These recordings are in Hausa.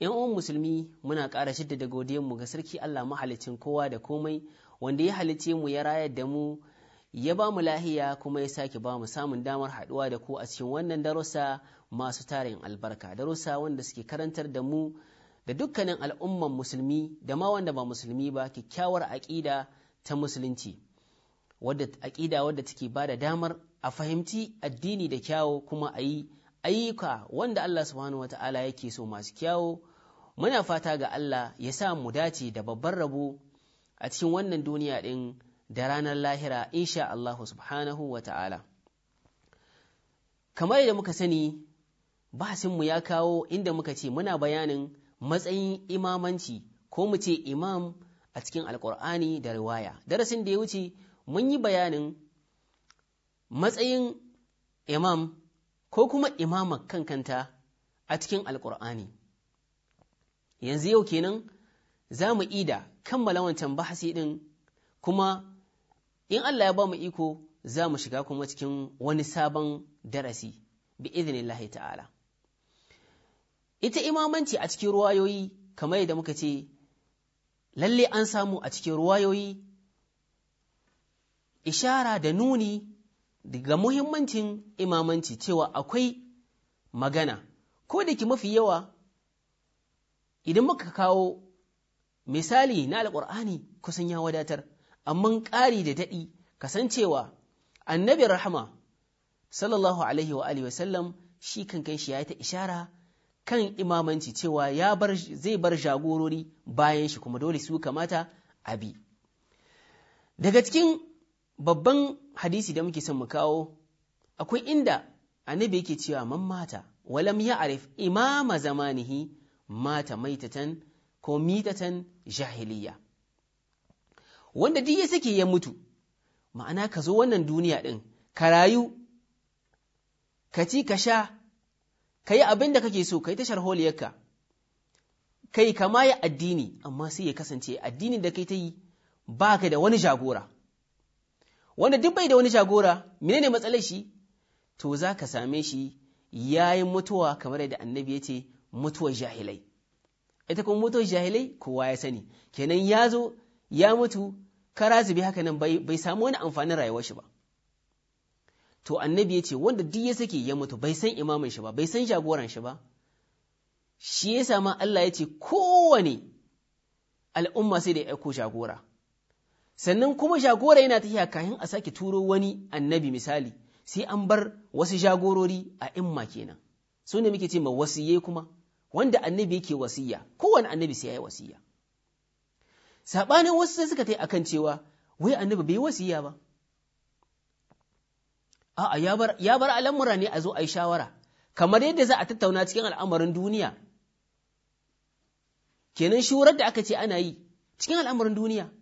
yan uwan musulmi muna ƙara shidda godiyar mu ga sarki Allah mahalicin kowa da komai wanda ya halice mu ya rayar da mu ya ba mu lahiya kuma ya sake ba mu samun damar haɗuwa da ku a cikin wannan darussa masu tarin albarka darussa wanda suke karantar da mu da dukkanin al'umman musulmi da ma wanda ba musulmi ba kyakkyawar aƙida ta musulunci wadda aƙida wadda take ba da damar a fahimci addini da kyawo kuma a yi ayyuka wanda Allah subhanahu wata'ala yake so masu kyawo muna fata ga Allah ya sa mu dace da babban rabo a cikin wannan duniya ɗin da ranar lahira insha Allah subhanahu wata'ala kamar yadda muka sani ba mu ya kawo inda muka ce muna bayanin matsayin imamanci ko mu ce imam a cikin alkur'ani da riwaya darasin da ya wuce mun yi bayanin matsayin imam ko kuma imamar kankanta a cikin alkur'ani yanzu yau kenan za mu ida kammala wancan bahasi ɗin kuma in Allah ya ba mu iko za mu shiga kuma cikin wani sabon darasi bi idinillahi ta'ala ita imamanci a cikin ruwayoyi kamar yadda muka ce lalle an samu a cikin ruwayoyi ishara da nuni daga muhimmancin imamanci cewa akwai magana ko da ke mafi yawa idan muka kawo misali na alƙur'ani kusan ya wadatar amma ƙari da daɗi kasancewa annabi rahama sallallahu alaihi wa alihi wasallam shi kankan shi ya ta ishara kan imamanci cewa ya bar zai bar jagorori bayan shi kuma dole su kamata abi daga cikin babban hadisi da muke son mu kawo akwai inda annabi yake cewa man mata walam ya arif imama zamanihi mata maitatan ko mitatan jahiliya wanda duk ya sake ya mutu ma'ana ka zo wannan duniya ɗin ka rayu ka ci ka sha ka yi abin da kake so ka yi holiyarka ka kai kama ya addini amma sai ya kasance addinin da kai ta yi ba ka da wani jagora wanda duk bai da wani jagora menene matsalar shi to za ka same shi yayi mutuwa kamar yadda annabi ya ce mutuwar jahilai ita kuma mutuwar jahilai kowa ya sani kenan ya zo ya mutu kara zubi haka nan bai samu wani amfanin rayuwar shi ba to annabi ya ce wanda duk ya sake ya mutu bai san imamin shi ba bai san jagoran shi ba shi ya sama Allah ya ce kowane al'umma sai da ya aiko jagora sannan kuma jagora yana tafiya kayan a sake turo wani annabi misali sai an bar wasu jagorori a imma kenan su ne muke ce ma wasiye kuma wanda annabi yake wasiya kowane annabi sai ya yi wasiya saɓanin wasu sai suka tai akan cewa wai annabi bai wasiya ba a'a ya bar al'amura ne a zo a yi shawara kamar yadda za a tattauna cikin al'amarin duniya kenan shurar da aka ce ana yi cikin al'amarin duniya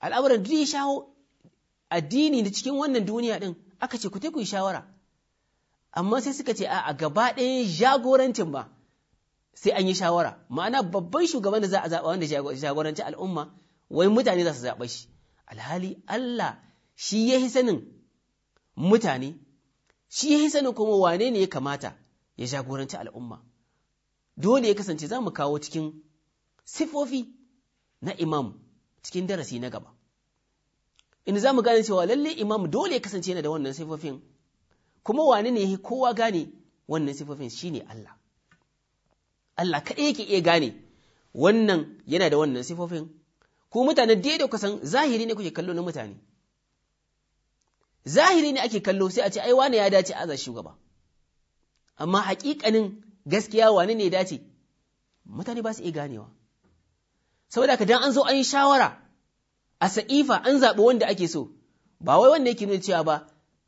al'amuran duk ya shawo addini da cikin wannan duniya ɗin aka ce ku ta ku yi shawara amma sai suka ce a gaba ɗaya jagorancin ba sai an yi shawara ma'ana babban shugaban da za a zaɓa wanda jagoranci al'umma wai mutane za su zaɓa shi alhali Allah shi ya yi sanin mutane shi ya yi sanin kuma wane ne ya kamata ya jagoranci al'umma dole ya kasance za mu kawo cikin sifofi na imam cikin darasi na gaba in za mu gane cewa lalle imam dole ya kasance yana da wannan sifofin kuma wani ne ya kowa gane wannan sifofin shine Allah Allah kaɗai yake iya gane wannan yana da wannan sifofin ko mutane daidai kusan zahiri ne kuke kallo na mutane zahiri ne ake kallo sai a ce ai wane ya dace a aza shugaba amma hakikanin gaskiya wane ne ya dace mutane ba su iya ganewa saboda ka dan an zo an yi shawara a sa'ifa an zaɓi wanda ake so ba wai wanda yake nuna cewa ba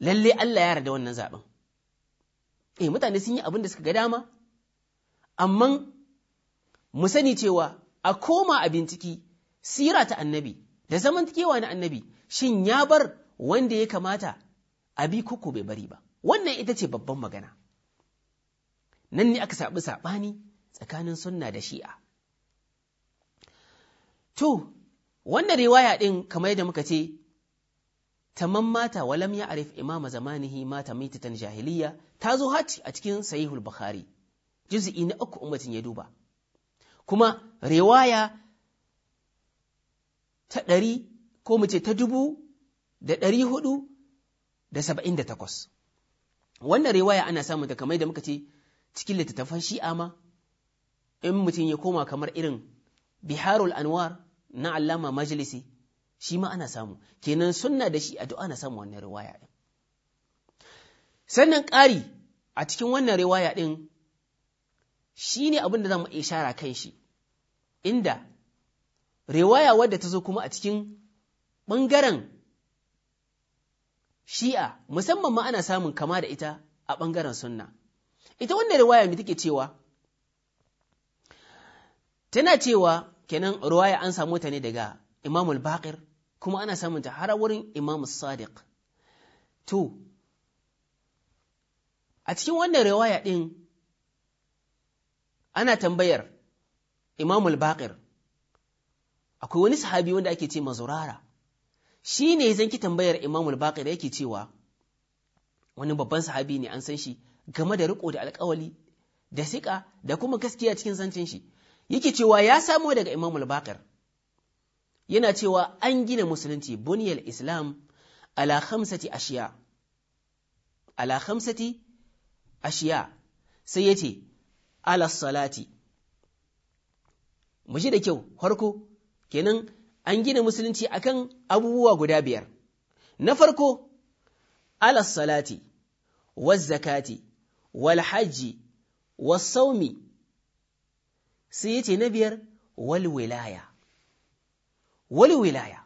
lalle Allah ya rada wannan zaɓen eh mutane sun yi abin da suka ga dama amma mu sani cewa a koma a binciki sira ta annabi da zamantakewa na annabi shin ya bar wanda ya kamata a bi koko bai bari ba wannan ita ce babban magana nan ne aka saɓi saɓani tsakanin sunna da shi'a To, wannan riwaya ɗin kamar yadda muka ce, tamman mata walam ya arif imama zamanihi mata mititan jahiliya ta zo hati a cikin sahihul Bukhari, juz'i na uku ummatin ya duba. Kuma riwaya ta ɗari ko mu ce ta dubu da ɗari hudu da saba'in da takwas. Wannan riwaya ana samun ta kamar da muka ce cikin littattafan shi'a ma, in mutum ya koma kamar irin Biharul Anwar na allama majalisi shi ma ana samu kenan sunna da shi a du'a na samu wannan riwaya din sannan ƙari a cikin wannan riwaya din shi ne abin da za mu ishara kan shi inda riwaya wadda ta zo kuma a cikin ɓangaren shi'a musamman ma ana samun kama da ita a ɓangaren sunna ita wannan riwaya mai take cewa tana cewa kenan ruwaya an samu ta ne daga Imam al-Baqir kuma ana samun ta har wurin Imam Sadiq to a cikin wannan riwaya din ana tambayar Imam al-Baqir akwai wani sahabi wanda ake ce mazurara shi ne zanki tambayar Imamul al-Baqir yake cewa wani babban sahabi ne an san shi game da riko da alkawali da siƙa da kuma gaskiya cikin zancen shi yake cewa ya samo daga Imam al-Baqir yana cewa an gina musulunci buniyal Islam ala khamsati ashiya ala khamsati ashiya sai yace ala salati mu ji da kyau farko kenan an gina musulunci akan abubuwa guda biyar na farko ala salati waz zakati wal hajji was saumi sai ya ce na biyar walwilaya walwilaya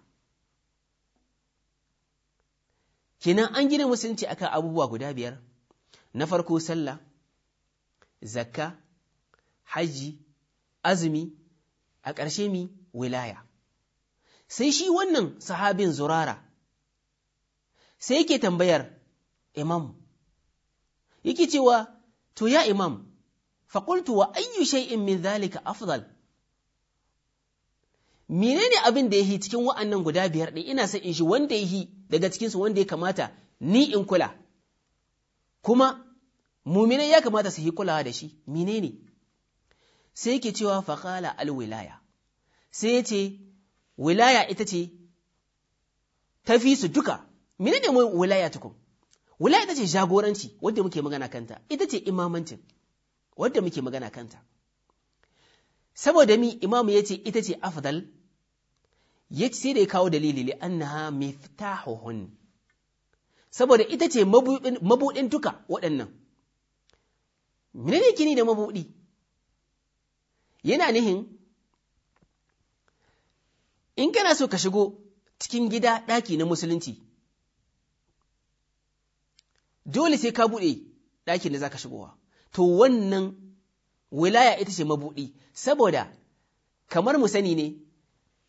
kinan an gina musulunci akan abubuwa guda biyar na farko sallah zakka hajji azumi a ƙarshe mi wilaya sai shi wannan sahabin zurara sai yake tambayar imam yake cewa to ya imam faƙultu wa ayyu shay'in min zalika afdal menene abin da yahi cikin wa'annan guda biyar ɗin ina son in shi wanda yahi daga cikinsu wanda ya kamata ni in kula kuma muminai ya kamata su yi kulawa da shi menene sai ke cewa faƙala wilaya. sai ce wilaya ita ce tafi su duka menene wilaya tukun wilaya ita ce jagoranci wanda muke magana kanta ita ce imamancin wadda muke magana kanta saboda mi imamu ya ce ita ce afdal ya ce sai da ya kawo dalili li annaha miftahuhun saboda ita ce mabuɗin duka waɗannan ne kini da mabuɗi yana nihin in kana so ka shigo cikin gida ɗaki na musulunci dole sai ka buɗe ɗakin da za ka shigowa to wannan wilaya ita ce mabuɗi saboda kamar mu sani ne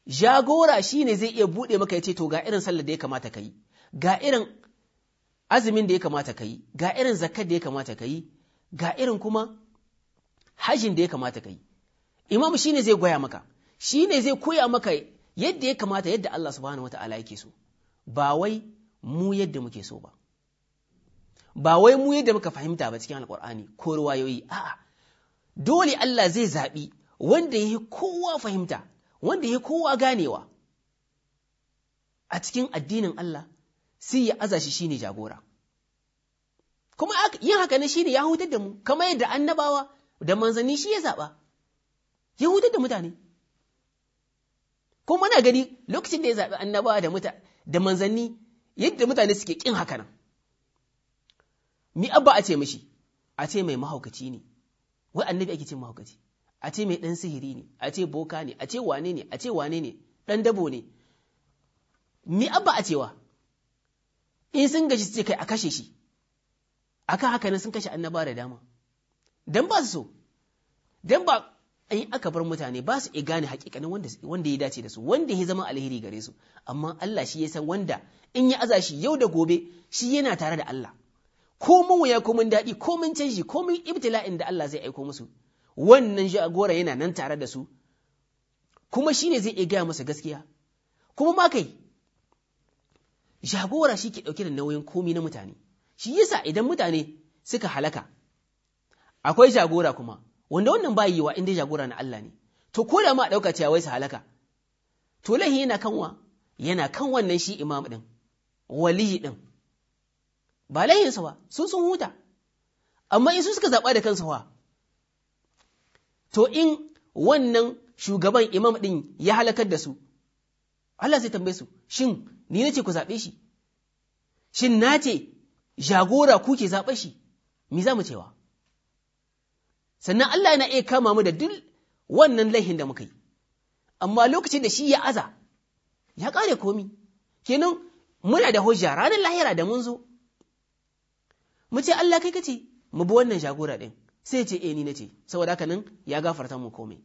jagora shi ne zai iya buɗe maka ya ce to ga irin sallar da ya kamata ka yi ga irin azumin da ya kamata ka yi ga irin zakat da ya kamata ka yi ga irin kuma hajin da ya kamata ka yi imam shi ne zai gwaya maka shi ne zai koya maka yadda ya kamata yadda Allah subhanahu wata'ala yake so ba wai mu yadda muke so ba ba wai mu yadda muka fahimta ba cikin alkur'ani ko ruwayoyi a'a dole Allah zai zaɓi wanda ya kowa fahimta wanda ya kowa ganewa a cikin addinin Allah sai ya aza shi shine jagora kuma yin haka ne shine ya hutar da mu kamar yadda annabawa da manzanni shi ya zaɓa ya hutar da mutane kuma muna gani lokacin da ya zaɓi annabawa da manzanni yadda mutane suke ƙin haka nan mi abba a ce mishi a ce mai mahaukaci ne wai annabi ake ce mahaukaci a ce mai ɗan sihiri ne a ce boka ne a ce wane ne a ce wane ne ɗan dabo ne mi abba a cewa in sun gaji su ce kai a kashe shi akan haka nan sun kashe annaba da dama dan ba su so dan ba in aka bar mutane ba su gane hakikanin wanda wanda ya dace da su wanda ya zama alheri gare su amma Allah shi ya san wanda in ya aza shi yau da gobe shi yana tare da Allah ko wuya komin daɗi ko canji ko ibtila'in da Allah zai aiko musu wannan jagora yana nan tare da su kuma shine zai iya gaya masa gaskiya kuma ma kai jagora shi ke ɗauke da nauyin komi na mutane shi yasa idan mutane suka halaka akwai jagora kuma wanda wannan ba yiwa inda jagora na Allah ne to ko da ma ɗauka cewa wai su halaka to lahi yana kanwa yana kan wannan shi imam ɗin waliyi ɗin ba laihinsa ba sun sun huta amma in su suka zaɓa da kansu wa to in wannan shugaban imam ɗin ya halakar da su Allah sai tambaye su shin ni nace ku zaɓe shi shin na ce jagora kuke ke zaɓe shi me za mu cewa sannan Allah yana iya kama mu da duk wannan laihin da muka yi amma lokacin da shi ya aza ya ƙare komi kenan muna da hujja ranar lahira da mun zo mu ce Allah kai kace mu bi wannan jagora din sai ce eh ni ce saboda haka nan ya gafarta mu komai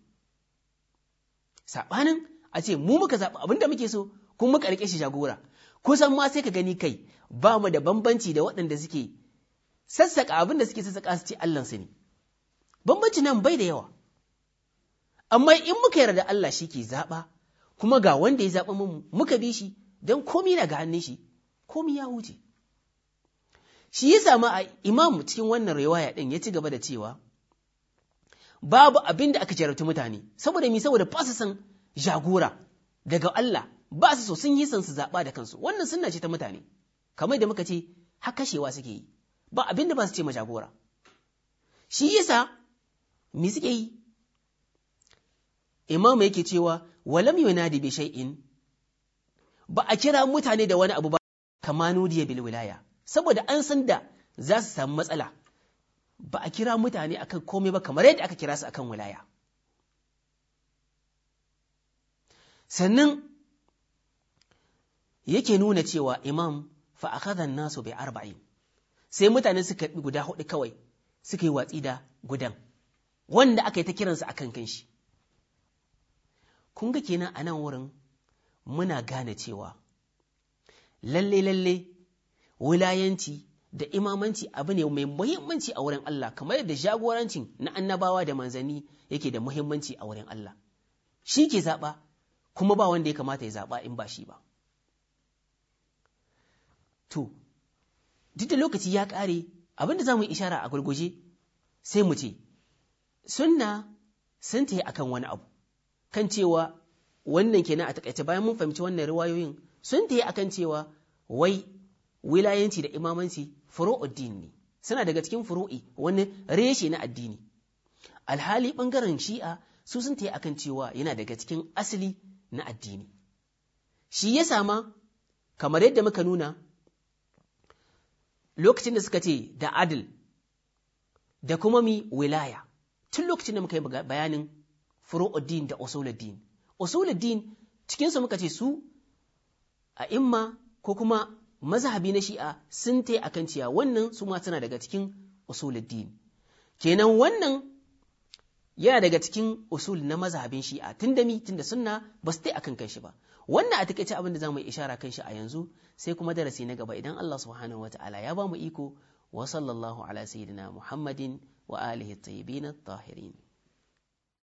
sabanin a ce mu muka zaba abinda muke so kuma muka rike shi jagora kusan ma sai ka gani kai ba mu da bambanci da waɗanda suke sassaka abinda suke sassaka su ce Allah su ne bambanci nan bai da yawa amma in muka yarda Allah shi ke zaɓa kuma ga wanda ya zaba mu muka bi shi don komi na ga hannun shi komai ya huce shi ya samu a Imam cikin wannan riwaya ɗin ya ci gaba da cewa babu abin da aka jarabta mutane saboda mi saboda ba su san jagora daga Allah ba su so sun yi san zaɓa da kansu wannan sunna ce ta mutane kamar da muka ce hakashewa suke yi ba abin da ba su ce ma jagora shi yasa mi suke yi Imam yake cewa walam yunadi bi in. ba a kira mutane da wani abu ba kamanu bil wilaya saboda an san da za su samu matsala ba a kira mutane akan komai ba kamar yadda aka kira su akan wilaya sannan yake nuna cewa imam fa nasu bai arba'in sai mutane suka bi guda hudu kawai suka yi watsi da gudan wanda aka yi ta kiransa akan kanshi kun ga kenan a nan wurin muna gane cewa lalle lalle wilayanci da imamanci abu ne mai muhimmanci a wurin Allah kamar yadda jagorancin na annabawa da manzanni yake da muhimmanci a wurin Allah shi ke zaɓa kuma ba wanda ya kamata ya zaɓa in ba shi ba to duk da lokaci ya ƙare abin da za mu yi ishara a gurguje sai mu ce sunna sun ta yi a kan wani abu kan cewa wannan kenan a takaice bayan mun fahimci wannan riwayoyin sun ta yi a kan cewa wai wilayanci da imamanci furu'uddin ne suna daga cikin furu'i wani reshe na addini alhali ɓangaren shi'a su sun tayi akan cewa yana daga cikin asali na addini shi ya sama kamar yadda muka nuna lokacin da suka ce da adil da kuma mi wilaya tun lokacin da muka yi bayanin furu'uddin da usuluddin usuluddin cikinsu muka ce su a imma ko kuma mazhabi na shi'a sun ta akan cewa wannan su ma tana daga cikin usuluddin kenan wannan yana daga cikin usul na mazhabin shi'a tun da mi tun da sunna ba su ta akan kanshi ba wannan a takaice abin da za mu ishara kan shi a yanzu sai kuma darasi na gaba idan Allah subhanahu wataala ya ba mu iko wa sallallahu ala sayyidina Muhammadin wa alihi tayyibin at-tahirin